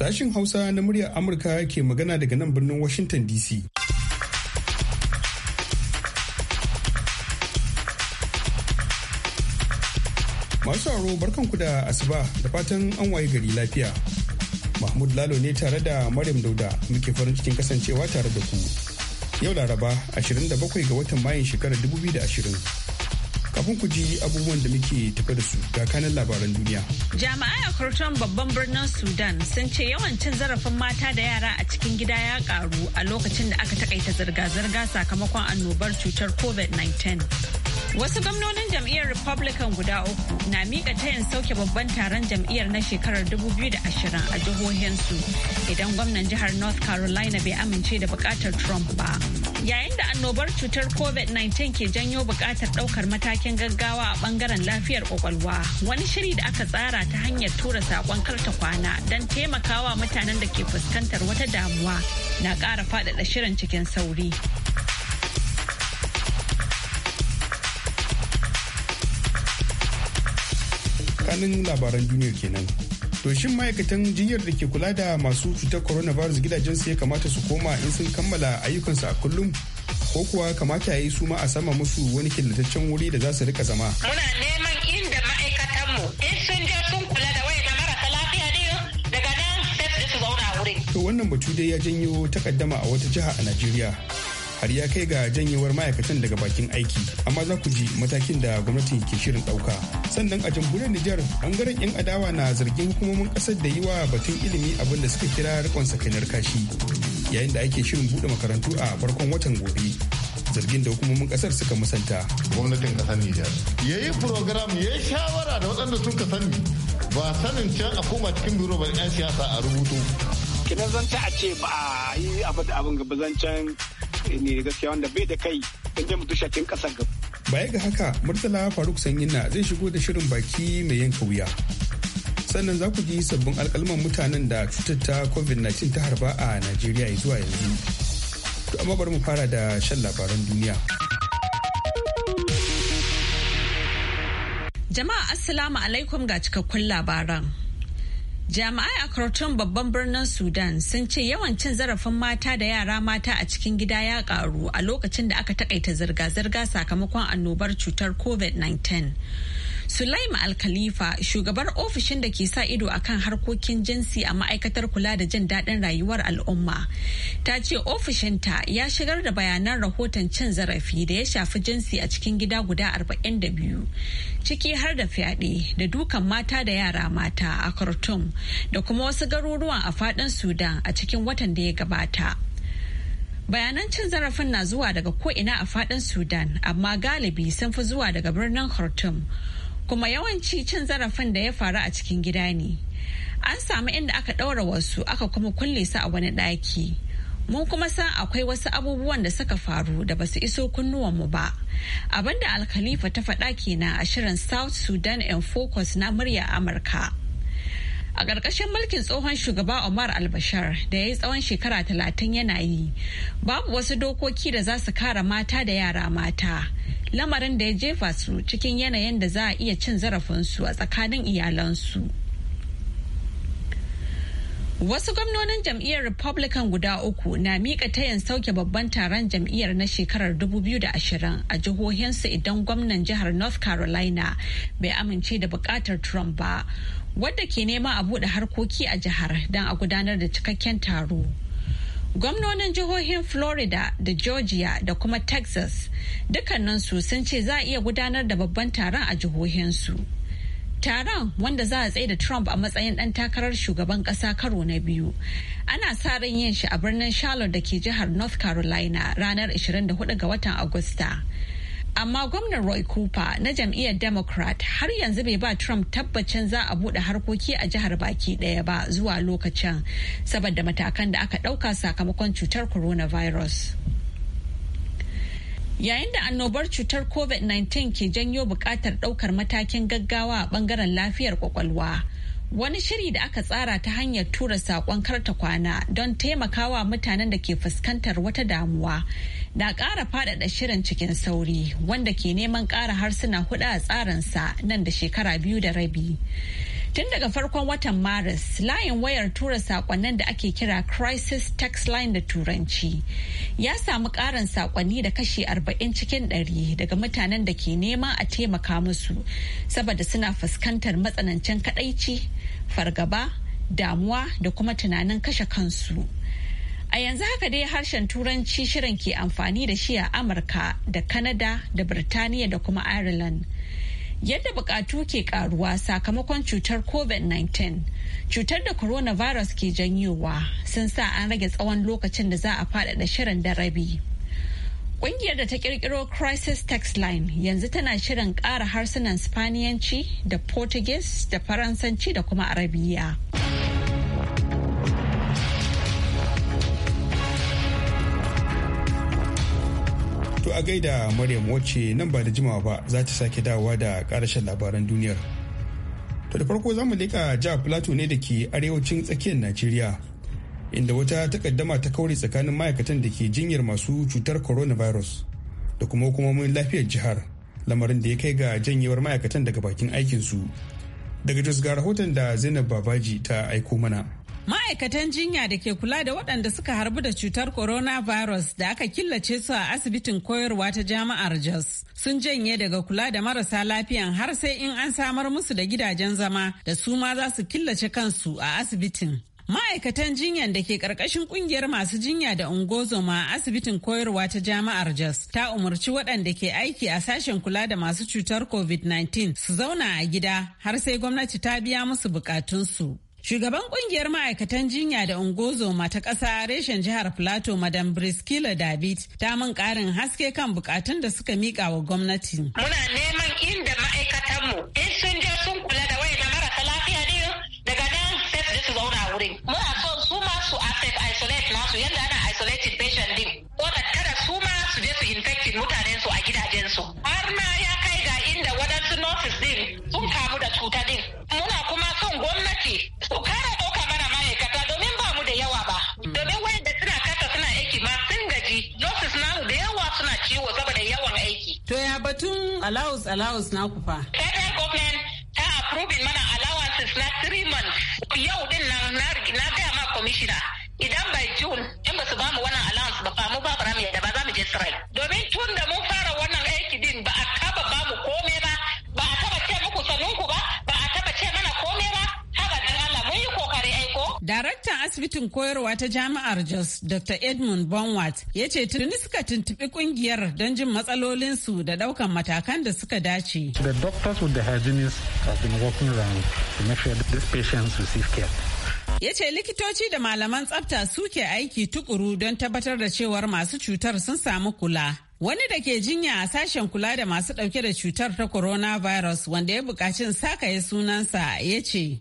Sashin Hausa na muryar Amurka ke magana daga nan birnin Washington DC. Masu sauraro barkanku da asuba da fatan an waye gari lafiya. Mahmud Lalo ne tare da Maryam Dauda muke farin cikin kasancewa tare da ku. Yau Laraba 27 ga watan Mayun shekarar 2020. kafin ku ji abubuwan da muke tafi da su ga kanan labaran duniya. Jami'ai a Khartoum babban birnin Sudan sun ce yawan cin zarafin mata da yara a cikin gida ya karu a lokacin da aka takaita zirga-zirga sakamakon annobar cutar COVID-19. Wasu gwamnonin jam'iyyar Republican guda uku na miƙa tayin sauke babban taron jam'iyyar na shekarar 2020 a jihohinsu idan gwamnan jihar North Carolina bai amince da buƙatar Trump ba. Yayin da annobar cutar COVID-19 ke janyo buƙatar ɗaukar matakin gaggawa a ɓangaren lafiyar ƙwaƙwalwa, wani shiri da aka tsara ta hanyar tura saƙon karta kwana don taimakawa mutanen da ke fuskantar wata damuwa na ƙara faɗaɗa shirin cikin sauri. tsakanin labaran duniya kenan to shin ma'aikatan jinyar da ke kula da masu cutar coronavirus gidajensu ya kamata su koma in sun kammala ayyukansu a kullum ko kuwa kamata ya yi su ma a sama musu wani killataccen wuri da za su rika zama muna neman inda ma'aikatanmu in sun je sun kula da da marasa lafiya ne daga nan sai su zauna wurin to wannan batu dai ya janyo takaddama a wata jiha a najeriya har ya kai ga janyewar ma'aikatan daga bakin aiki amma za ku ji matakin da gwamnati ke shirin ɗauka sannan a jamhuriyar nijar bangaren yan adawa na zargin hukumomin kasar da yi wa batun ilimi abin da suka kira rikon sakanar kashi yayin da ake shirin buɗe makarantu a farkon watan gobe zargin da hukumomin kasar suka musanta. Gwamnatin kasar Nijar. Ya yi program ya yi shawara da waɗanda suka sani ba sanin can a koma cikin biro ba 'yan siyasa a rubutu. kina zanta a ce ba a yi abu da abin ga zancen ne gaskiya wanda bai da kai in ji mutu shakin kasar gaba. Baya ga haka Murtala Faruk Sanyina zai shigo da shirin baki mai yanka wuya. Sannan za ku ji sabbin alkalman mutanen da cutar ta COVID-19 ta harba a Najeriya zuwa yanzu. To amma bari mu fara da shan labaran duniya. Jama'a Assalamu alaikum ga cikakkun labaran. Jami'ai a Khartoum babban birnin Sudan sun ce yawan cin zarafin mata da yara mata a cikin gida ya karu a lokacin da aka takaita zirga-zirga sakamakon annobar cutar COVID-19. Sulaima Alkhalifa shugabar ofishin da ke sa ido akan harkokin jinsi a ma'aikatar kula da jin daɗin rayuwar al'umma. Ta ce ofishinta ya shigar da bayanan rahoton cin zarafi da ya shafi jinsi a cikin gida guda 42 ciki har da fyaɗe da dukan mata da yara mata a Khartoum da kuma wasu garuruwan a faɗin Sudan a cikin watan da ya gabata. bayanan cin zarafin na zuwa daga ko'ina a fadin sudan amma galibi sun fi zuwa daga birnin khartoum kuma yawanci cin zarafin da ya faru a cikin gida ne an samu inda aka ɗaura wasu aka kuma kulle su a wani ɗaki mun kuma san akwai wasu abubuwan da suka faru da basu iso kunnuwan mu ba abinda alkhalifa ta faɗa kenan a shirin south sudan and focus na murya amurka a ƙarƙashin mulkin tsohon shugaba omar albashar da ya yi tsawon shekara talatin yana yi babu wasu dokoki da za su kare mata da yara mata lamarin da ya jefa su cikin yanayin da za a iya cin zarafinsu a tsakanin iyalansu wasu gwamnonin jam'iyyar republican guda uku na mika tayin sauke babban taron jam'iyyar na shekarar 2020 a jihohinsu idan gwamnan jihar north carolina bai amince da bukatar trump ba wadda ke nema a buɗe harkoki a jihar don a gudanar da cikakken taro. Gwamnonin jihohin Florida da Georgia da kuma Texas dukkaninsu sun ce za a iya gudanar da babban taron a jihohinsu. Taron wanda za a tsaye da Trump a matsayin ɗan takarar shugaban ƙasa karo na biyu. Ana sa ran yin shi a birnin Charlotte da ke jihar North Carolina ranar 24 ga watan Agusta. amma gwamnan roy cooper na jam'iyyar democrat har yanzu bai ba trump tabbacin za a bude harkoki a jihar baki daya ba zuwa lokacin saboda matakan da aka dauka sakamakon cutar coronavirus yayin da annobar cutar covid-19 ke janyo bukatar daukar matakin gaggawa a bangaren lafiyar kwakwalwa Wani shiri da aka tsara ta hanyar tura saƙon karta kwana don taimakawa mutanen da ke fuskantar wata damuwa na ƙara faɗaɗa shirin cikin sauri wanda ke neman ƙara harsuna hudu a tsarinsa nan da shekara biyu da rabi. Tun daga farkon watan Maris, layin wayar tura saƙonnin da ake kira Crisis Text Line da Turanci ya samu ƙarin saƙonni da kashi 40 cikin 100 daga mutanen da ke nema a taimaka musu saboda suna fuskantar matsanancin kadaici fargaba damuwa da kuma tunanin kashe kansu a yanzu haka dai harshen turanci shirin ke amfani da shi a amurka da kanada da birtaniya da kuma ireland yadda bukatu ke karuwa sakamakon cutar covid-19 cutar da coronavirus ke janyowa sun sa an rage tsawon lokacin da za a faɗaɗa shirin da rabi Ƙungiyar da ta ƙirƙiro Crisis Text Line yanzu tana shirin ƙara harsunan Spaniyanci da Portuguese da Faransanci da kuma Arabiya. To a gaida Maryam wacce nan ba da jimawa ba za ta sake dawowa da ƙarashen labaran duniyar. To da farko za mu leƙa jihar Plateau ne da ke arewacin tsakiyar Najeriya. inda wata takaddama ta kauri tsakanin ma'aikatan da ke jinyar masu cutar coronavirus da kuma hukumomin lafiyar jihar lamarin da ya kai ga janyewar ma'aikatan daga bakin aikinsu daga jos ga rahoton da zainab babaji ta aiko mana ma'aikatan jinya da ke kula da waɗanda suka harbu da cutar coronavirus da aka killace su a asibitin koyarwa ta Jama'ar jos sun janye daga kula da marasa lafiyan har sai in an samar musu da gidajen zama da su ma za su killace kansu a asibitin Ma'aikatan jinyar da ke karkashin kungiyar masu jinya da ungozoma a asibitin koyarwa ta Jama'ar Jos ta umarci waɗanda ke aiki a sashen kula da masu cutar COVID-19 su zauna a gida har sai gwamnati ta biya musu bukatunsu. Shugaban kungiyar ma'aikatan jinya da ungozoma ta ƙasa reshen jihar Plateau Madam Briskila David ta mun ƙarin haske kan bukatun da suka miƙa wa gwamnati. Muna neman inda ma'aikatanmu in sun je sun wurin muna so su ma su accept isolate nasu yadda ana isolated patient din ko da kada su ma su je su infected mutanen su a gidajen su har ma ya kai ga inda waɗansu nurses din sun kamu da cuta din muna kuma son gwamnati su kara ɗauka mana ma'aikata domin ba mu da yawa ba hmm. domin da suna kasa suna aiki ma sun gaji nurses na da yawa suna ciwo saboda yawan aiki to ya batun allowance allowance na ku fa federal government ta approving mana classes na three months yau din nan na gaya ma commissioner idan by june in ba su ba mu wannan allowance ba fa mu ba mu da ba za mu je strike domin tun da mun asibitin koyarwa ta jami'ar Jos Dr. Edmund bonwart ya ce tuni suka tuntuɓi ƙungiyar don jin matsalolinsu da ɗaukan matakan da suka dace. The doctors with the hygienists have been working around to make sure that these patients receive care. ya ce likitoci da malaman tsafta suke aiki tukuru don tabbatar da cewar masu cutar sun samu kula Wani da ke jinya a sashen kula da masu ɗauke da cutar ta coronavirus wanda ya buƙaci sakaye sunansa ya ce.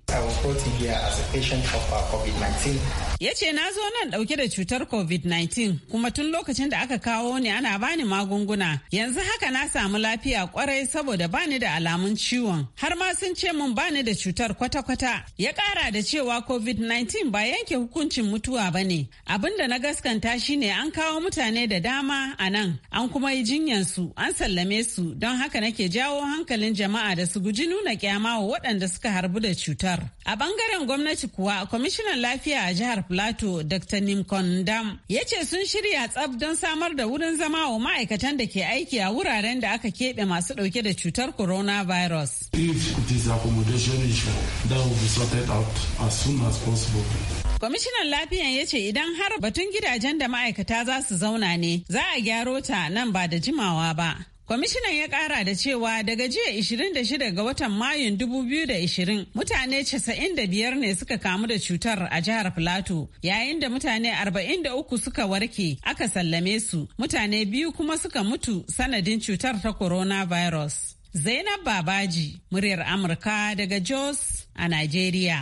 Ya ce na zo nan ɗauke da cutar COVID-19 kuma tun lokacin da aka kawo ni ana bani magunguna. Yanzu haka na samu lafiya kwarai saboda bani da alamun ciwon. Har ma sun ce mun bani da cutar kwata-kwata. Ya kara da cewa COVID-19 ba yanke hukuncin mutuwa ba ne. Abin da na gaskanta shine an kawo mutane da dama a nan. An kuma yi jinyansu an sallame su don haka nake jawo hankalin jama'a da su guji nuna kyama wa waɗanda suka harbu da cutar. A bangaren gwamnati kuwa kwamishinan lafiya a jihar Plateau Dr. Nimkon Dam ya ce sun shirya tsab don samar da wurin zama wa ma'aikatan da ke aiki a wuraren da aka keɓe masu ɗauke da cutar coronavirus. If it is accommodation issue, that will be sorted out as soon as possible. Kwamishinan lafiyan ya ce idan har batun gidajen da ma'aikata za su zauna ne za a gyaro ta nan ba da jimawa ba. Kwamishinan ya kara da cewa daga jiya 26 ga watan Mayun 2020 mutane 95 ne suka kamu da cutar a jihar Filato yayin da mutane 43 suka warke aka sallame su mutane biyu kuma suka mutu sanadin cutar ta coronavirus. Zainab Babaji, muryar Amurka daga Jos a Najeriya.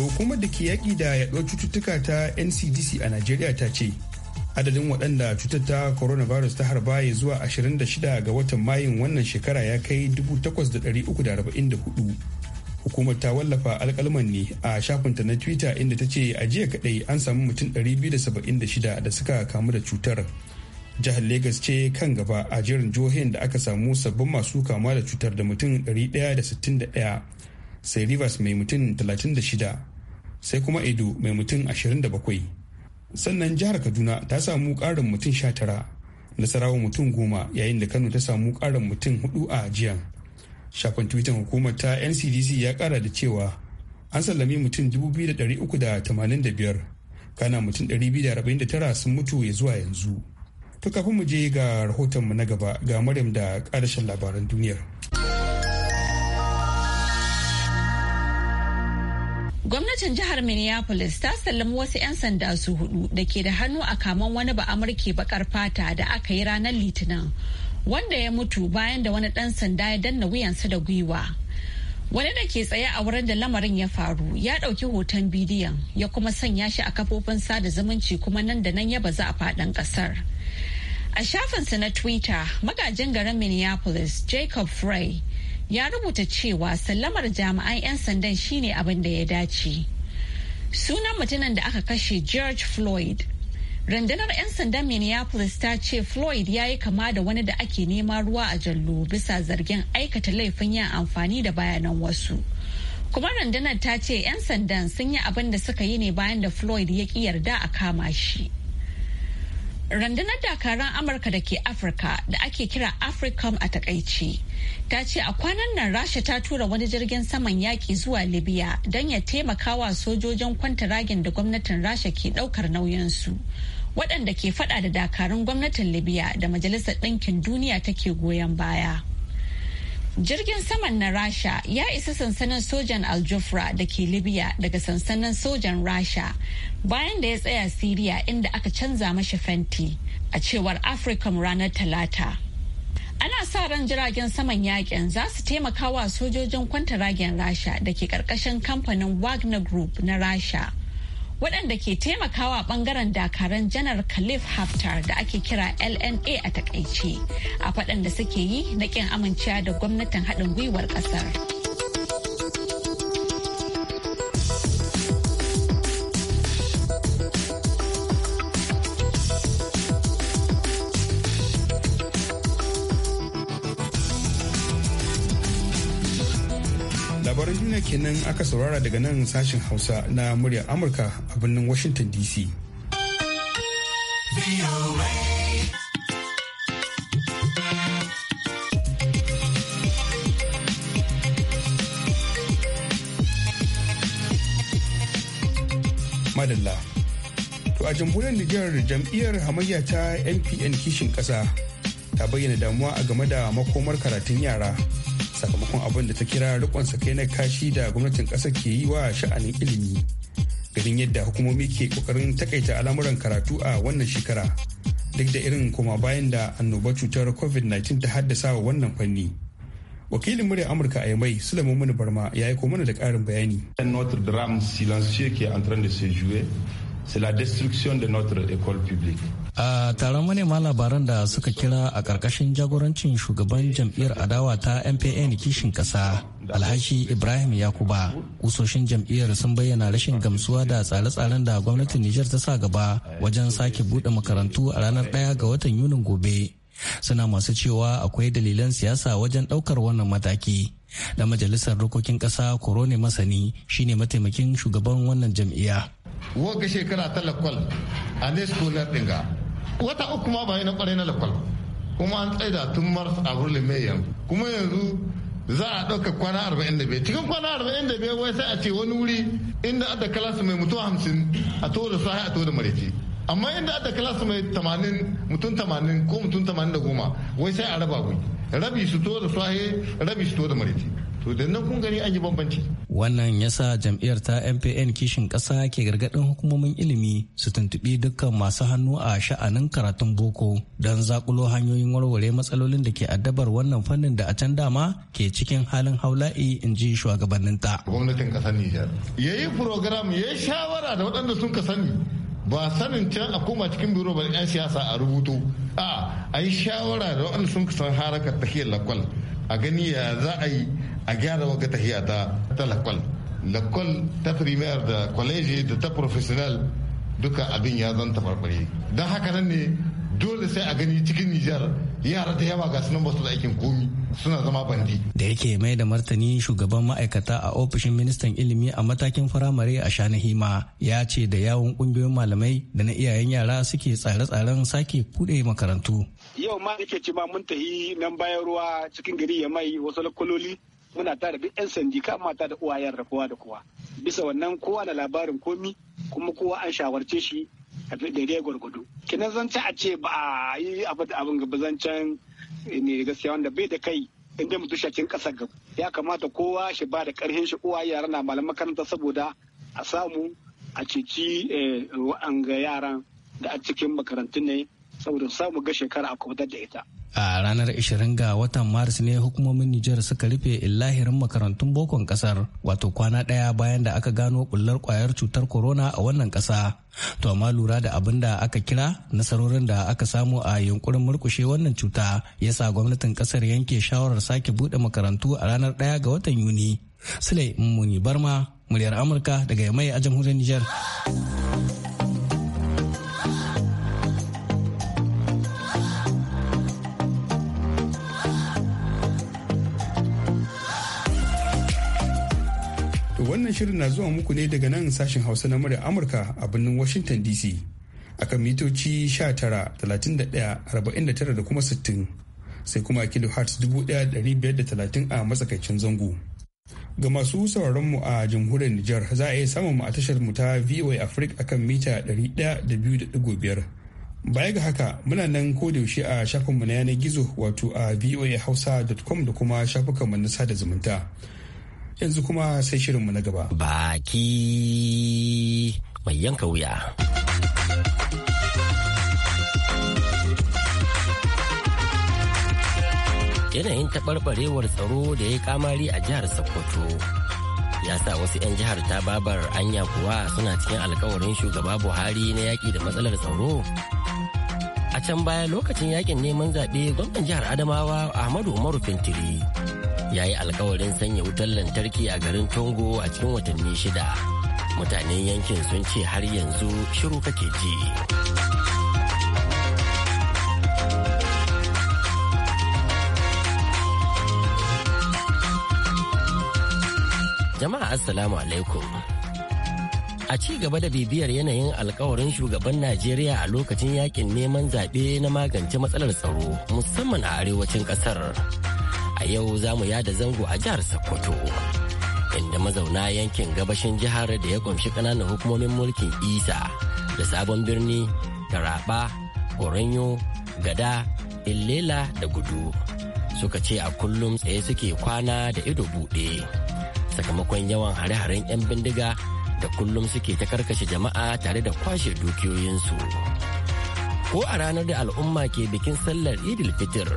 hukumar da ke yaƙi da yaɗuwar cututtuka ta ncdc a najeriya ta ce adadin waɗanda cutar ta coronavirus ta harba ya zuwa 26 ga watan mayun wannan shekara ya kai 8,344 hukumar ta wallafa alkalman ne a shafinta na twitter inda ta ce a jiya kaɗai an samu mutum 276 da suka kamu da cutar jihar lagos ce kan gaba a jerin jihohin da aka samu sabbin masu kama da cutar da mutum 161 sai rivers mai mutum shida. sai kuma edo mai mutum 27 sannan jihar kaduna ta samu karin mutum 19 nasarawa mutum goma yayin da kano ta samu karin mutum hudu a jiya shafin twitter hukumar ta ncdc ya kara da cewa an sallami mutum 2,385 kana mutum 249 sun mutu ya zuwa yanzu to kafin mu je ga rahotonmu na gaba ga maryam da ƙarashin labaran duniyar. Gwamnatin jihar Minneapolis ta sallami wasu 'yan sanda su hudu da ke da hannu a kaman wani ba amurke bakar fata da aka yi ranar Litinin, wanda ya mutu bayan da wani ɗan sanda ya danna wuyansa da gwiwa. Wani da ke tsaye a wurin da lamarin ya faru ya ɗauki hoton bidiyon ya kuma sanya shi a kafofin sada zumunci kuma nan da nan ya bazu a faɗin ƙasar. A shafinsa na Twitter, magajin garin Minneapolis, Jacob Frey, ya rubuta cewa sallamar jami'an 'yan sandan shine abin da ya dace. Sunan mutumin da aka kashe George Floyd. Rundunar 'yan sandan Minneapolis ta ce Floyd ya yi kama da wani da ake nema ruwa a jallo bisa zargin aikata laifin yin amfani da bayanan wasu. Kuma rundunar ta ce 'yan sandan sun yi abin da suka yi ne bayan da Floyd ya ki yarda a kama shi. Rundunar dakaran Amurka da ke Afirka da ake kira AFRICOM a takaici ta ce a kwanan nan Rasha ta tura wani jirgin saman yaƙi zuwa Libya don ya taimaka wa sojojin ragin da gwamnatin Rasha ke ɗaukar nauyinsu. waɗanda ke faɗa da dakarun gwamnatin Libya da Majalisar Ɗinkin Duniya take goyon baya. Jirgin saman na Rasha ya isa sansanin sojan Aljufra da ke Libya daga sansanin sojan Rasha bayan da ya tsaya Siriya inda aka canza mashi fenti a cewar Africom ranar Talata. Ana sa ran jiragen saman yakin za su taimaka wa sojojin kwantaragen Rasha da ke karkashin kamfanin Wagner Group na Rasha. waɗanda ke taimakawa ɓangaren dakaran janar khalif haftar da ake kira lna a takaice a faɗan da suke yi na ƙin amincewa da gwamnatin haɗin gwiwar ƙasar. kenan aka saurara daga nan sashen hausa na muryar amurka a birnin washington dc madalla to a jamhuriyar nijar jam'iyyar hamayya ta npn kishin kasa ta bayyana damuwa a game da makomar karatun yara sakamakon abin da ta kira rikon sakai na kashi da gwamnatin kasa ke yi wa sha'anin ilimi ganin yadda hukumomi ke kokarin takaita al'amuran karatu a wannan shekara duk da irin koma bayan da annobar cutar covid-19 ta haddasa wa wannan fanni wakilin murya amurka a yamai sulaiman mini barma ya yi mana da ƙarin bayani notre dame silencieux qui est en train de se jouer c'est la destruction de notre école publique a taron manema labaran da suka kira a ƙarƙashin jagorancin shugaban jam'iyyar adawa ta mpn kishin ƙasa alhashi ibrahim yakuba kusoshin jam'iyyar sun bayyana rashin gamsuwa da tsare-tsaren da gwamnatin nijar ta sa gaba wajen sake buɗe makarantu a ranar ɗaya ga watan yunin gobe suna masu cewa akwai dalilan siyasa wajen ɗaukar wannan mataki da majalisar dokokin ƙasa korone masani shine mataimakin shugaban wannan jam'iyya. Woga shekara talakwal a ne scholar dinga. wata uku ma ba na kware na lakwal kuma an tsaida tun mars abril mai yanzu kuma yanzu za a ɗauka kwana arba'in da biyar cikin kwana arba'in da biyar wai sai a ce wani wuri inda adda kalasa mai mutum hamsin a to da sahi a to da mareci amma inda adda kalasa mai tamanin mutum tamanin ko mutum tamanin da goma wai sai a raba wuri rabi su to da sahi rabi su to da mareci to da nan kun gani an yi bambanci wannan yasa jam'iyyar ta mpn kishin kasa ke gargaɗin hukumomin ilimi su tuntuɓi dukkan masu hannu a sha'anin karatun boko don zakulo hanyoyin warware matsalolin da ke addabar wannan fannin da a can dama ke cikin halin haula'i in ji shugabanninta gwamnatin ƙasar nijar ya yi program ya yi shawara da waɗanda sun ka sani ba sanin can a koma cikin biro ba 'yan siyasa a rubutu a a shawara da waɗanda sun haraka harakar tahiyar lakwal a gani ya za a yi a gyara wata tahiya ta ta lakwal lakwal ta primaire da kwaleji da ta professional duka abin ya zan tabarbare don haka nan ne dole sai a gani cikin nijar yara da yawa ga sunan basu da aikin komi suna zama bandi da yake mai da martani shugaban ma'aikata a ofishin ministan ilimi a matakin firamare a shanahima ya ce da yawon kungiyoyin malamai da na iyayen yara suke tsare-tsaren sake kuɗe makarantu yau ma nake ce mun tahi nan bayan ruwa cikin gari ya mai wasu lakololi muna tare da 'yan sandi amma tare da uwayen da kowa da kowa bisa wannan kowa da labarin komi kuma kowa an shawarce shi a daidai gwargwado kinan zance a ce ba a yi abin gaba zancen eh, ne gaskiya wanda bai da kai inda mutu shakin kasar gaba ya kamata kowa shi ba da karhin shi uwa yara na malaman makaranta saboda a samu a ceci eh, wa'anga yaran da a cikin makarantun ne saboda samu ga shekara a kubutar da ita. A ranar 20 ga watan Maris ne hukumomin Nijar suka rufe illahirin makarantun bokon kasar wato kwana daya bayan da aka gano bullar kwayar cutar corona a wannan kasa. To amma lura da abin da aka kira nasarorin da aka samu a yunkurin murkushe wannan cuta ya sa gwamnatin kasar yanke shawarar sake bude makarantu a ranar ɗaya ga watan Yuni. Sule Muni Barma, muryar Amurka daga Yamai a jamhuriyar Nijar. Wannan shirin na zuwa muku ne daga nan sashen Hausa na murya Amurka a birnin Washington DC. Akan mitoci 19,31,49 da kuma 60 sai kuma kilohertz 1,530 a matsakaicin zango. Ga masu sauraron mu a jamhuriyar Nijar za a iya samun mu a tashar mu ta VOA Africa akan mita 102.5. Baya ga haka muna nan ko yaushe a shafinmu na yanar gizo wato a hausa.com da kuma shafukanmu na da zumunta. yanzu kuma sai shirinmu na gaba. Baki mai yanka wuya. Yanayin taɓarɓarewar tsaro da ya kamari a jihar Sokoto. Ya sa wasu 'yan jihar ta babar anya kuwa suna cikin alkawarin shugaba Buhari na yaƙi da matsalar tsaro. A can baya lokacin yaƙin neman zaɓe gwamnan jihar Adamawa Ahmadu Umaru Fintiri ya yi alkawarin sanya wutar lantarki a garin Tongo a cikin watanni shida. Mutanen yankin sun ce har yanzu shiru kake ji. Jama'a Assalamu alaikum. A ci gaba da bibiyar yanayin alkawarin shugaban Najeriya a lokacin yakin neman zaɓe na magance matsalar tsaro musamman a arewacin ƙasar. a yau za mu yada zango a jihar Sokoto. Inda mazauna yankin gabashin jihar da ya kunshi ƙananan hukumomin mulkin Isa da sabon birni, Taraba, Oranyo, Gada, Illela da Gudu. Suka ce a kullum tsaye suke kwana da ido buɗe. Sakamakon yawan hare-haren 'yan bindiga da kullum suke ta karkashe jama'a tare da kwashe dukiyoyinsu. Ko a ranar da al'umma ke bikin sallar Idil fitir.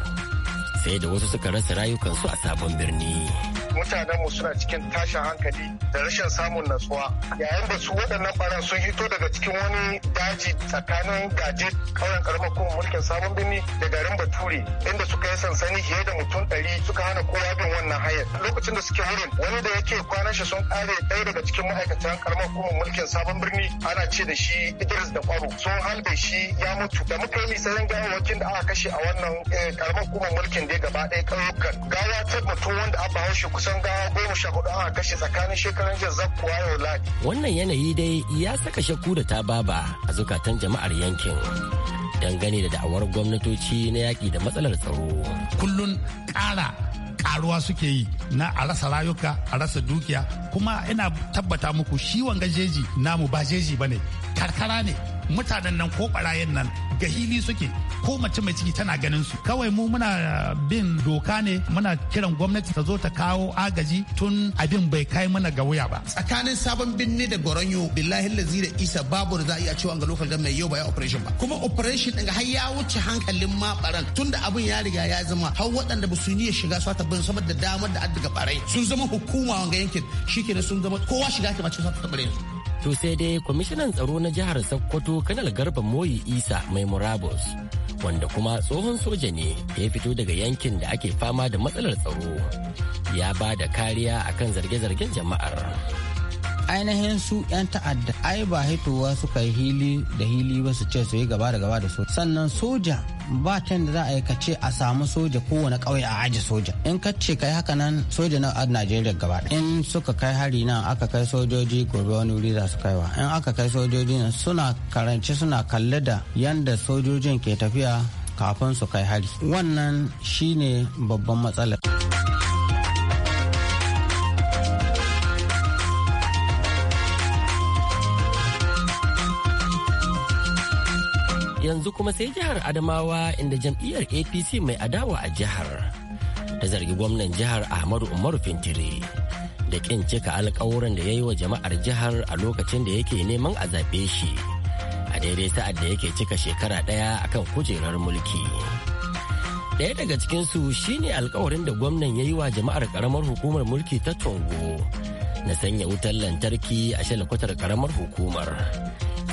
sai da wasu suka rasa rayukansu a sabon birni. mutanenmu suna cikin tashin hankali da rashin samun natsuwa yayin da su waɗannan bara sun hito daga cikin wani daji tsakanin gaje ƙauyen karamar kuma mulkin sabon birni da garin bature inda suka yi sansani fiye da mutum ɗari suka hana kowa bin wannan hayar lokacin da suke wurin wani da yake kwanan shi sun kare ɗaya daga cikin ma'aikatan karamar kuma mulkin sabon birni ana ce da shi idris da kwaro sun halbe shi ya mutu da muka yi misalin gawawakin da aka kashe a wannan karamar eh, kuma mulkin da gaba ɗaya ƙauyukan gawa ta mutum wanda aka kusan gawa goma sha hudu aka kashe tsakanin shekaran jiya zakkuwa yau ladi. Wannan yanayi dai ya saka shakku da ta baba a zukatan jama'ar yankin. Dangane da da'awar gwamnatoci na yaƙi da matsalar tsaro. Kullum ƙara ƙaruwa suke yi na a rasa rayuka a rasa dukiya kuma ina tabbata muku shi wanga jeji namu ba jeji bane karkara ne mutanen nan ko barayen nan ga hili suke ko mace mai ciki tana ganin su kawai mu muna bin doka ne muna kiran gwamnati ta zo ta kawo agaji tun abin bai kai mana ga wuya ba tsakanin sabon binne da goronyo billahi lazi da isa babu da za a iya cewa ga lokacin mai yau ba ya operation ba kuma operation din har ya wuce hankalin ma baran tunda abin ya riga ya zama har waɗanda ba su niyya shiga su ta bin saboda damar da addaga barai sun zama hukuma wanga yankin shikenan sun zama kowa shiga ta mace ta bare su To sai dai kwamishinan tsaro na jihar Sokoto Kanal Garba Moyi Isa mai murabus wanda kuma tsohon soja ne ya fito daga yankin da ake fama da matsalar tsaro ya ba da kariya akan zarge-zargen jama'ar. ainihin su 'yan ta'adda ai ba hitowa suka yi hili da hili ba su ce su yi gaba da gaba da soja sannan soja ba ta da za a yi ka ce a samu soja kowane ƙauye a aji soja in ka ce kai haka nan soja na a najeriya gaba in suka kai hari nan aka kai sojoji gobe wani wuri za su kai wa in aka kai sojoji nan suna karanci suna kalle da yanda sojojin ke tafiya kafin su kai hari wannan shine babban matsalar yanzu kuma sai jihar adamawa inda jam'iyyar apc mai adawa a jihar ta zargi gwamnan jihar ahmadu umaru fintiri da kin cika alkawuran da ya yi wa jama'ar jihar a lokacin da yake neman a zaɓe shi a daidai sa'ad da yake cika shekara ɗaya akan kujerar mulki ɗaya daga cikinsu shine alkawarin da gwamnan ya yi wa jama'ar ƙaramar hukumar mulki ta tongo na sanya wutar lantarki a shalakwatar ƙaramar hukumar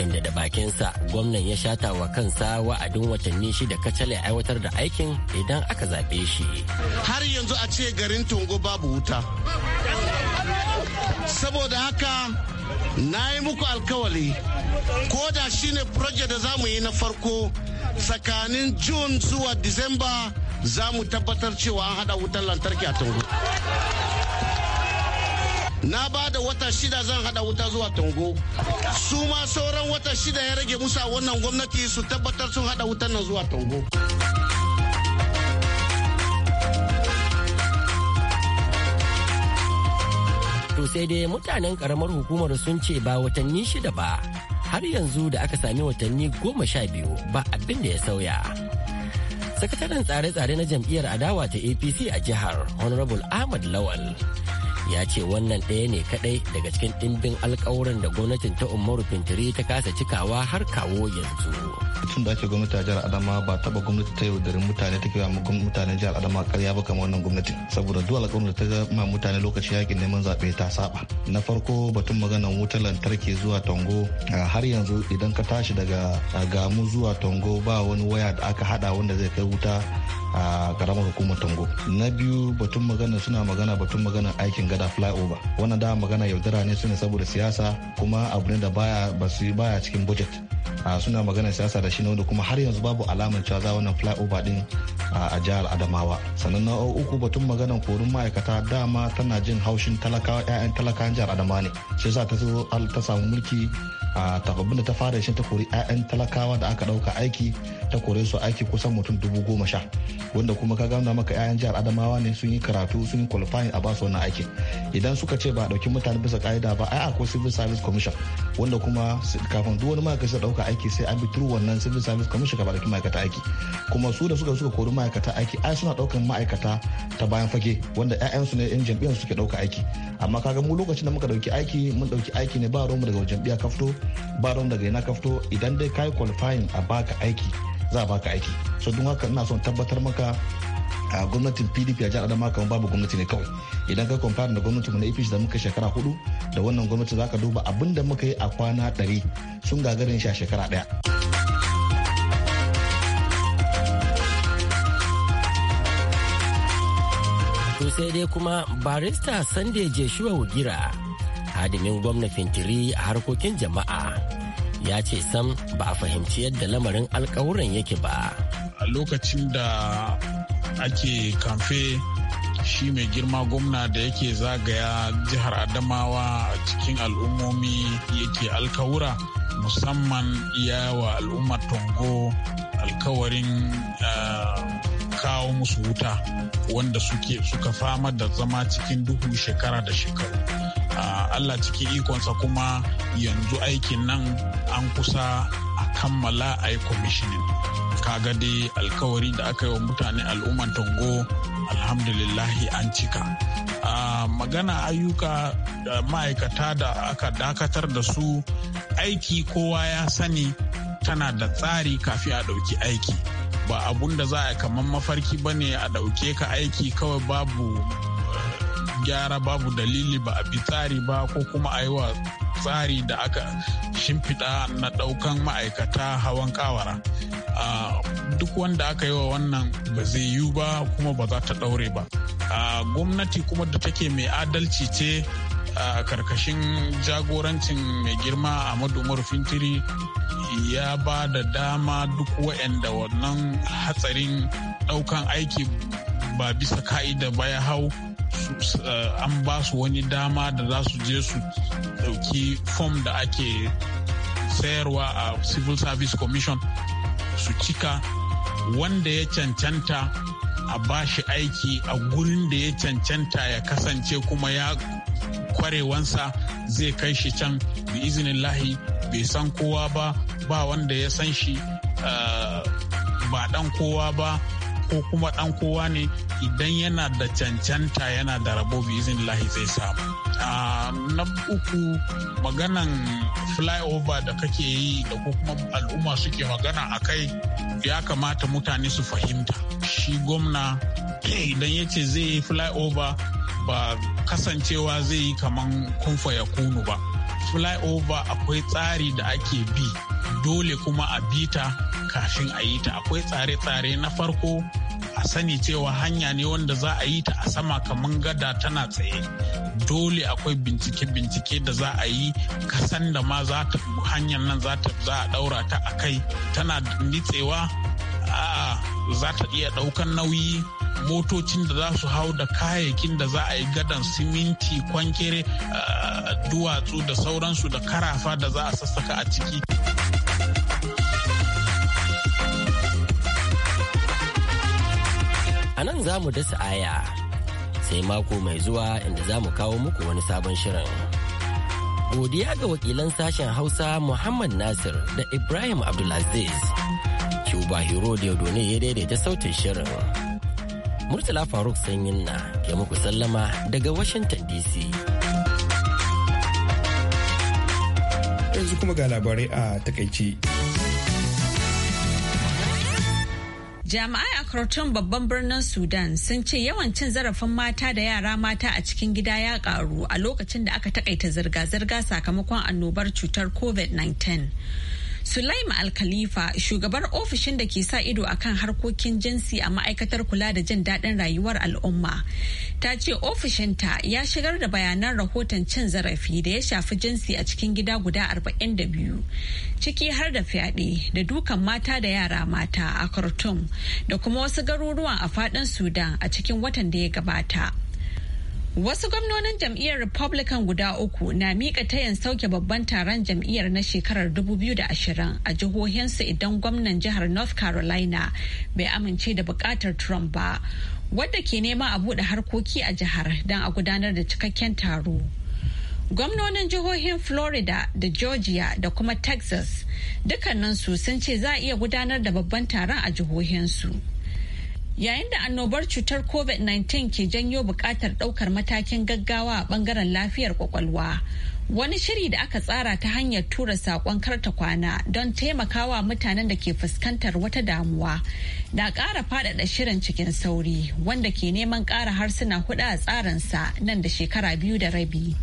inda da bakinsa gwamnan ya shata wa kansa wa'adin watanni shida kacal ya aiwatar da aikin idan aka zaɓe shi. Har yanzu a ce garin Tungo babu wuta. Saboda haka na yi muku alkawali ko da shine project da za mu yi na farko tsakanin jun zuwa Disamba za mu tabbatar cewa an hada wutar lantarki a Tungo. na ba da wata shida zan hada wuta zuwa tango su ma sauran wata shida ya rage musa wannan gwamnati su tabbatar sun hada wutan nan zuwa tango to sai dai mutanen karamar hukumar sun ce ba watanni shida ba har yanzu da aka sami watanni goma sha biyu ba abin da ya sauya sakataren tsare-tsare na jam'iyyar adawa ta apc a jihar honorable ahmad lawal ya ce wannan ɗaya ne kaɗai daga cikin ɗimbin alkawuran da gwamnatin ta umaru fintiri ta kasa cikawa har kawo yanzu. tun da ake gwamnati a jihar adama ba taba gwamnati ta yaudarin mutane take yi mutanen jihar adama karya ba kamar wannan gwamnati saboda duk alƙawarin da ta ma mutane lokacin yakin neman zaɓe ta saba na farko batun maganar wutar lantarki zuwa tongo har yanzu idan ka tashi daga gamu zuwa tongo ba wani waya da aka hada wanda zai kai wuta a karamar hukumar tango na biyu batun magana suna magana batun magana aikin gada flyover wannan da magana yaudara ne suna saboda siyasa kuma abu ne da baya su baya cikin budget suna magana siyasa da karshe na wanda kuma har yanzu babu alamar cewa za wannan flyover din a jihar adamawa sannan na uku batun maganan korin ma'aikata dama tana jin haushin talakawa 'ya'yan talakawan jihar adamawa ne shi yasa ta ta samu mulki a tababbin da ta fara shi ta kori 'ya'yan talakawa da aka ɗauka aiki ta kore su aiki kusan mutum dubu goma sha wanda kuma ka gano maka 'ya'yan jihar adamawa ne sun yi karatu sun yi qualifying a ba su wannan aiki idan suka ce ba dauki mutane bisa ka'ida ba ai akwai civil service commission wanda kuma kafin duk wani ma'aikaci da dauka aiki sai an bi turu wannan civil service commission ka ba dauki ma'aikata aiki kuma su da suka suka kori ma'aikata aiki ai suna daukan ma'aikata ta bayan fage wanda su ne 'yan jam'iyyar suke dauka aiki amma kaga mu lokacin da muka dauki aiki mun dauki aiki ne ba ruwanmu daga jam'iyya ka fito ba ruwan daga ina ka fito idan dai kai qualifying a baka aiki za a baka aiki so don haka ina son tabbatar maka a gwamnatin pdp a jihar adamawa kamar babu gwamnati ne kawai idan ka kwamfani da gwamnatinmu na apc da muka shekara hudu da wannan gwamnati za ka duba abin da muka yi a kwana ɗari sun gagarin shi a shekara ɗaya. sosai dai kuma barista sunday jeshua wugira hadimin gwamnatin tiri a harkokin jama'a ya ce sam ba a fahimci yadda lamarin alkawuran yake ba. A lokacin da ake kamfe shi mai girma gwamna da yake zagaya jihar Adamawa a cikin al'ummomi yake alkawura musamman iya wa al'ummar Tongo alkawarin eh, kawo musu wuta wanda suka fama da zama cikin duhu shekara da shekaru. Allah cikin ikonsa kuma yanzu aikin nan an kusa a kammala a yi commissioning kaga dai alkawari da aka yi wa mutane al'umman tango alhamdulillahi an cika a magana ayyuka da ma'aikata da aka dakatar da su aiki kowa ya sani tana da tsari kafi a ɗauki aiki ba abun da za a kamar mafarki ba ne a ɗauke ka aiki kawai babu gyara babu dalili ba a bi tsari ba ko kuma a yi wa tsari da aka shimfiɗa na ɗaukan ma'aikata hawan kawara duk wanda aka yi wa wannan ba zai yiwu ba kuma ba za ta ɗaure ba gwamnati kuma da take mai adalci ce a karkashin jagorancin mai girma amadu umaru fintiri ya ba da dama duk wa'anda wannan hatsarin ɗaukan aiki ba bisa ka'ida ba ya hau Uh, an ba su wani dama da za su je su dauki fom da ake sayarwa a civil service commission su cika wanda ya cancanta a ba shi aiki a gurin da ya cancanta ya kasance kuma ya kwarewansa zai kai shi can bi izinin lahi bai san kowa ba ba wanda ya san shi uh, ba dan kowa ba ko kuma ɗan kowa ne idan yana da cancanta yana da rabo izin lahi zai samu ah, na uku maganan flyover da kake yi da kuma al'umma suke magana a kai ya kamata mutane su fahimta shi gwamna idan ya ce zai yi flyover ba kasancewa zai yi kaman kunfa ya kunu ba flyover akwai tsari da ake bi dole kuma a bita kafin a yi ta akwai tsare-tsare na farko a sani cewa hanya ne wanda za a yi ta a sama kamar gada tana tsaye dole akwai bincike-bincike da za a yi kasan da ma za hanyar nan za ta za a daura ta a kai tana nitsewa a'a za ta iya ɗaukan nauyi motocin da za su hau da kayayyakin da za a yi gadon siminti kwankere ah, duwatsu da sauransu da karafa da za a sassaka a ciki. A nan za mu dasa aya sai mako mai zuwa inda za mu kawo muku wani sabon shirin. Godiya ga wakilan sashen Hausa Muhammad Nasir da Ibrahim Abdulaziz. Cuba Hero Diodone ya daidaita sautin shirin. Murtala Faruk Sanyin na ke muku sallama daga Washington DC. Yanzu kuma ga labarai a takaici. Jami'ai a Khartoum babban birnin Sudan sun ce yawan cin zarafin mata da yara mata a cikin gida ya karu a lokacin da aka takaita zirga-zirga sakamakon annobar cutar COVID-19. Sulaima Alkhalifa shugabar ofishin da ke sa ido a kan harkokin jinsi a ma'aikatar kula da jin daɗin rayuwar al'umma. Ta ce ofishinta ya shigar da bayanan rahoton cin zarafi da ya shafi jinsi a cikin gida guda 42 ciki har da fyaɗe da dukan mata da yara mata a Khartoum da kuma wasu garuruwan a faɗin Sudan a cikin watan da ya gabata. Wasu gwamnonin jam'iyyar Republican guda uku na miƙa tayin sauke babban taron jam'iyyar na shekarar 2020 a jihohinsu idan gwamnan jihar North Carolina bai amince da buƙatar Trump ba, wadda ke nema a buɗe harkoki a jihar don a gudanar da cikakken taro. gwamnonin jihohin florida da georgia da kuma texas dukkaninsu sun ce za a iya gudanar da babban taron a jihohinsu Yayin da annobar cutar COVID-19 ke janyo buƙatar ɗaukar matakin gaggawa a ɓangaren lafiyar kwakwalwa. Wani shiri da aka tsara ta hanyar tura saƙon karta kwana don taimakawa mutanen da ke fuskantar wata damuwa na ƙara faɗaɗa shirin cikin sauri wanda ke neman ƙara harsuna hudu a tsarinsa nan da shekara biyu da rabi.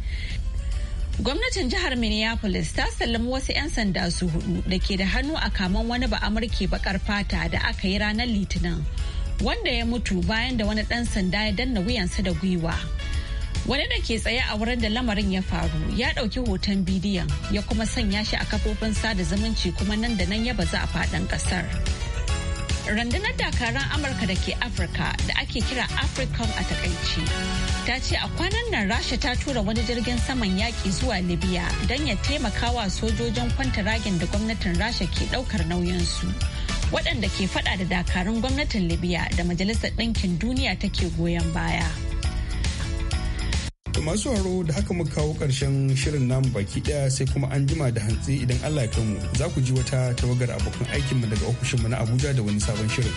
Gwamnatin jihar Minneapolis ta sallami wasu 'yan sanda su hudu da ke da hannu a kaman wani ba amurke bakar fata da aka yi ranar Litinin. wanda ya mutu bayan da wani ɗan sanda ya danna wuyansa da gwiwa. Wani da ke tsaye a wurin da lamarin ya faru ya ɗauki hoton bidiyon ya kuma sanya shi a kafofin sada zumunci kuma nan da nan ya bazu a faɗin ƙasar. Randunar dakaran Amurka da ke Afirka da ake kira african a takaici. Ta ce a kwanan nan Rasha ta tura wani jirgin saman yaƙi zuwa Libya don ya taimakawa sojojin kwanta ragin da gwamnatin Rasha ke ɗaukar nauyinsu. waɗanda ke faɗa da dakarun gwamnatin libya da majalisar ɗinkin duniya take goyon baya masu haro da haka muka kawo ƙarshen shirin namu baki ɗaya sai kuma an jima da hantsi idan allah ya mu za ku ji wata tawagar abokan aikinmu daga ofishinmu na abuja da wani sabon shirin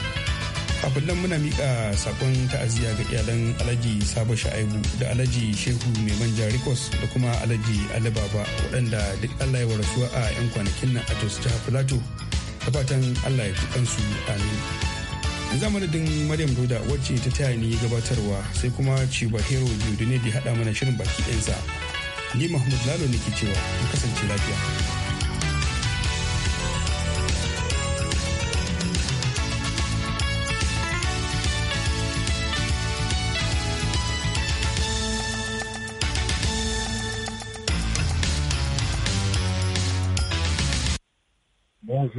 kafin nan muna miƙa sakon ta'aziyya ga iyalan alhaji sabo sha'aibu da alhaji shehu mai manja rikos da kuma alhaji alibaba waɗanda duk allah ya rasuwa a 'yan kwanakin nan a jos jihar plateau da allah ya fi su amin zamanin maryam doda wacce ta taya ni gabatarwa sai kuma ciba hero Jude ne da haɗa mana shirin baki ɗinsa ni mahmud lalo ne ke cewa mu kasance lafiya